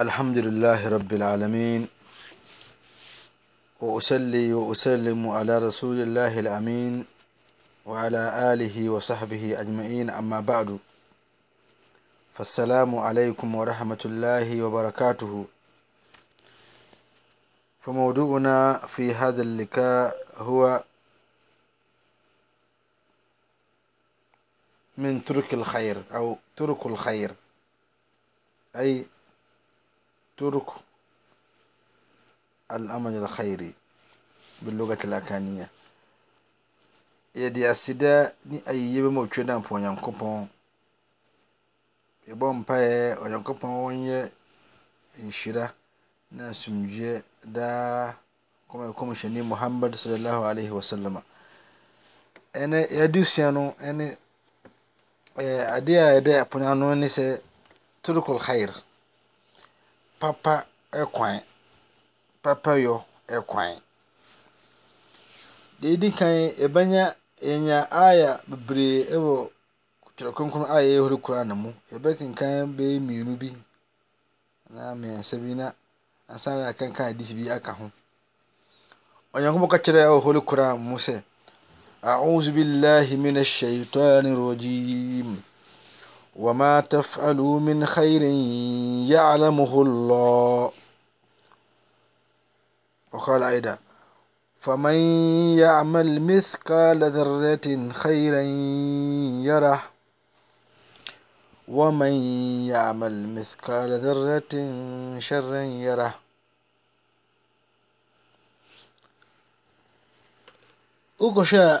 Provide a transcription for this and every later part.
الحمد لله رب العالمين وأسلي وأسلم على رسول الله الأمين وعلى آله وصحبه أجمعين أما بعد فالسلام عليكم ورحمة الله وبركاته فموضوعنا في هذا اللقاء هو من ترك الخير أو ترك الخير أي tk alamad leyr belugatlakania yɛde asida ne ayiyebɛ ma twadapu nyankɔpɔ abɔmpaɛ ɔ nyankɔpɔn wɔnnyɛ nsyira naasumdua daa kmakomsyɛne muhamad sallah alai wasalama ne adisano n adeadɛ apuanonisɛ trk lxeir a kwa papayɔ kwan deɛdi kan ɔbɛnya nya ya bree ɔ kyerɛkrokr aaɛho korane mu ɔbɛkenka bɛ mienu bi namiɛsɛ bina ansanakaka desbi aka ho ɔnyankomkakyerɛ ɔhole koran mu sɛ auhubillah minashitane ragim وما تفعلوا من خير يعلمه الله وقال أيضا فمن يعمل مثقال ذرة خيرا يره ومن يعمل مثقال ذرة شرا يره أقول شيء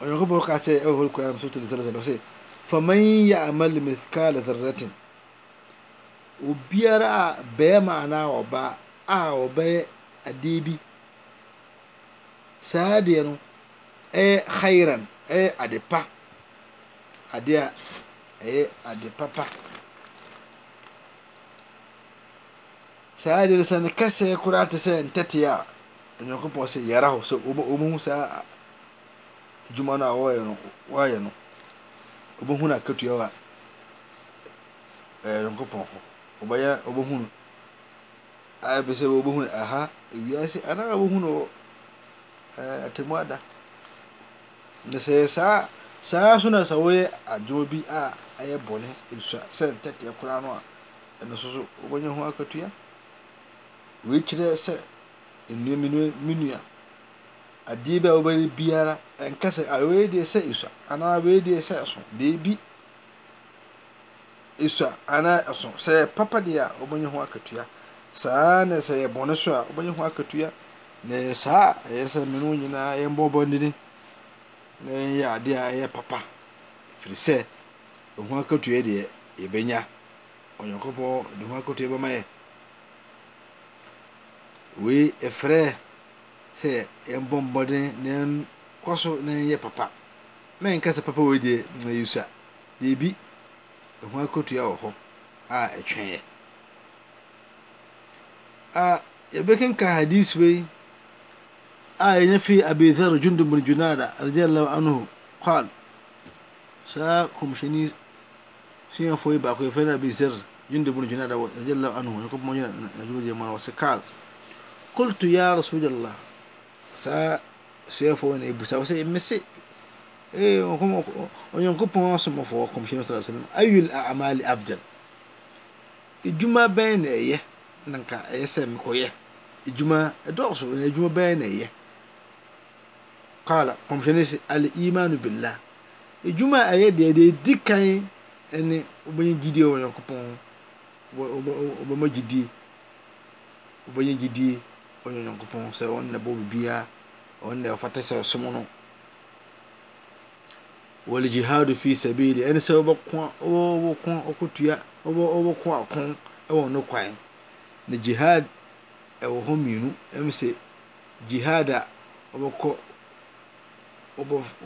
k plaafe fa man ya'male mitskal derraten u biaraabɛa ma'anaa baa a bɛ adeebi saa deɛnu ayran d edpa sadeɛn sɛnkasɛkurati sɛ ntata ɛaf waayɛno obohun aka tua ankopɔn sɛhaws ana wobohun atamu ada n saa sona sɛ woyɛ adwuma bi a ayɛ bɔne sua sɛntɛtɛ kora no a ɛn ss wobɛnya hu akatua wekyerɛ sɛ nmenua adeɛ bi a wobɛe biara aseɛsɛsɛsɛɛpapaeɛwyh asan sɛyɛbɔne s ho kaa saaɛsɛmenyinaaɛbɔbɔn ɛyɛdeɛayɛ papa firisɛ ho katua deɛ ynya ɔyakpɔnho kaa bɛmayeifɛ sɛ yɛmbɔ mbɔden na yɛnkɔ so na yɛnyɛ papa mɛnka sɛ papa wei deɛ na yɛsua deebi ɛho akotua wɔ hɔ a ɛtwɛn yɛ a yɛbɛkenka hadis wei a yɛnya fi abi dhar jundub bin junada radiallahu anhu qal saa kɔmhyɛni suafoɔ yi baako yɛfrɛ no abi dhar jundub bin junada radiallahu anhu nyankopɔn nyina adwuma deɛ ma na wɔsɛ kal قلت يا رسول الله saa suafo ene bu sa wo sɛmeseɔyankopɔ eh, somo foɔ comsen salaa salm ayele amali abdal ɛdwuma bɛna ne ɛyɛ naka ɛyɛsɛme kɔyɛ ɛwuma ɛdɔso na adwuma bɛnane ɛyɛ cal comethenese alimanu billah ɛjwuma ɛyɛ dea dea di kai ne wobɔnya gidie nykpɔbma die onye onyankopɔn sɛ ɔno na ɛbɔ biribiara ɔno na sɛ ɔsom no wɔle jihadu fi sabili ɛne sɛ wobɛko ɔkɔtua wobɛko ako ɛwɔ no kwan na jihad ɛwɔ hɔ mmienu ɛm sɛ jihad a wobɛkɔ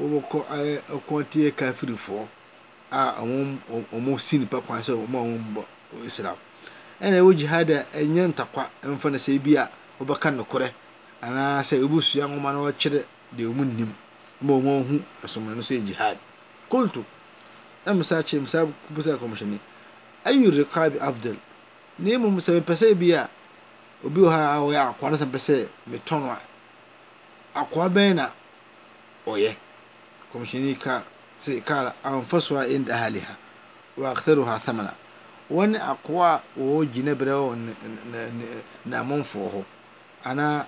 wobɛkɔ ayɛ ɔko kafirifoɔ a ɔmo si nipa kwan sɛ ɔmo a ɔmo bɔ islam ɛna ɛwɔ jihad a ɛnyɛ ntakwa ɛmfa no kakbsua womana wakyerɛ de omu nim u sma sojihad cltosacn arecabe afdel nemsmepɛsɛbia bi aka ssɛ me tɔna akoa bɛna ɔyɛ cnfasa dehaliha actaruha tamana wane akoa ɔina brnaamɔnfoh an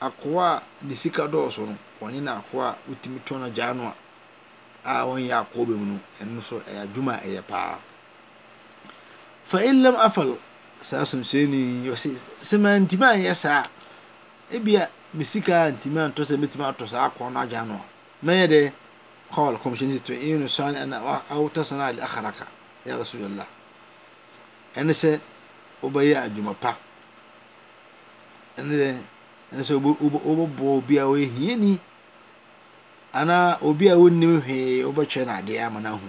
akoa nesika dɔɔ sono ɔyna aka wotimi tngana wanyɛ akɔɔbmlatimi yɛ sa meskaiaaaka aasula n sɛ wbɛyɛ aua pa ɛnɛ sɛ wobɛbɔ obi a ɔyɛ hiani anaa obi a wonnim hwee wobɛtwɛ no adeɛ ama no ahu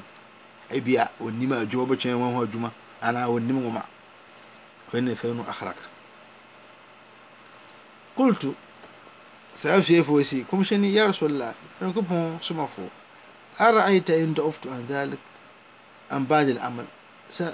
ebia onim adwuma wobɛtwɛ wɔn ho adwuma anaa onim nwoma ɔyɛ ne fɛn no akhraka kultu saa afiefoɔ si kɔmhyɛni ya rasulllah nyankopɔn somafoɔ araaita in tɔftu an dhalik an ba'd al amal sɛ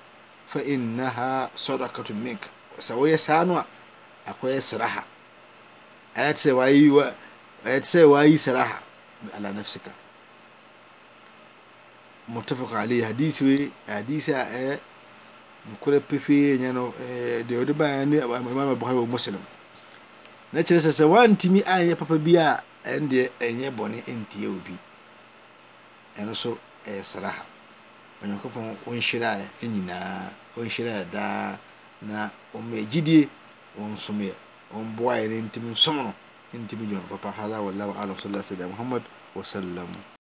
fainaha sarakato minka saaya saanua akɔyɛ saraha tsɛ wayi saraha ala naseca mutafak alay hadis ɛ kr peded baimam buhary wo muslem nekresɛsɛwantimi ay papabia ɛnde ya bɔne ɛntiɛbi ɛn so ɛ seraha ɔnyankopɔn wonhyera nyinaa wɔnhyira daa na wɔmagyidie wɔnsomɛ ɔmboaɛ ne ntimi nsome ro ntimi wunpapa haza walah walamsalla saya muhamad wasalamu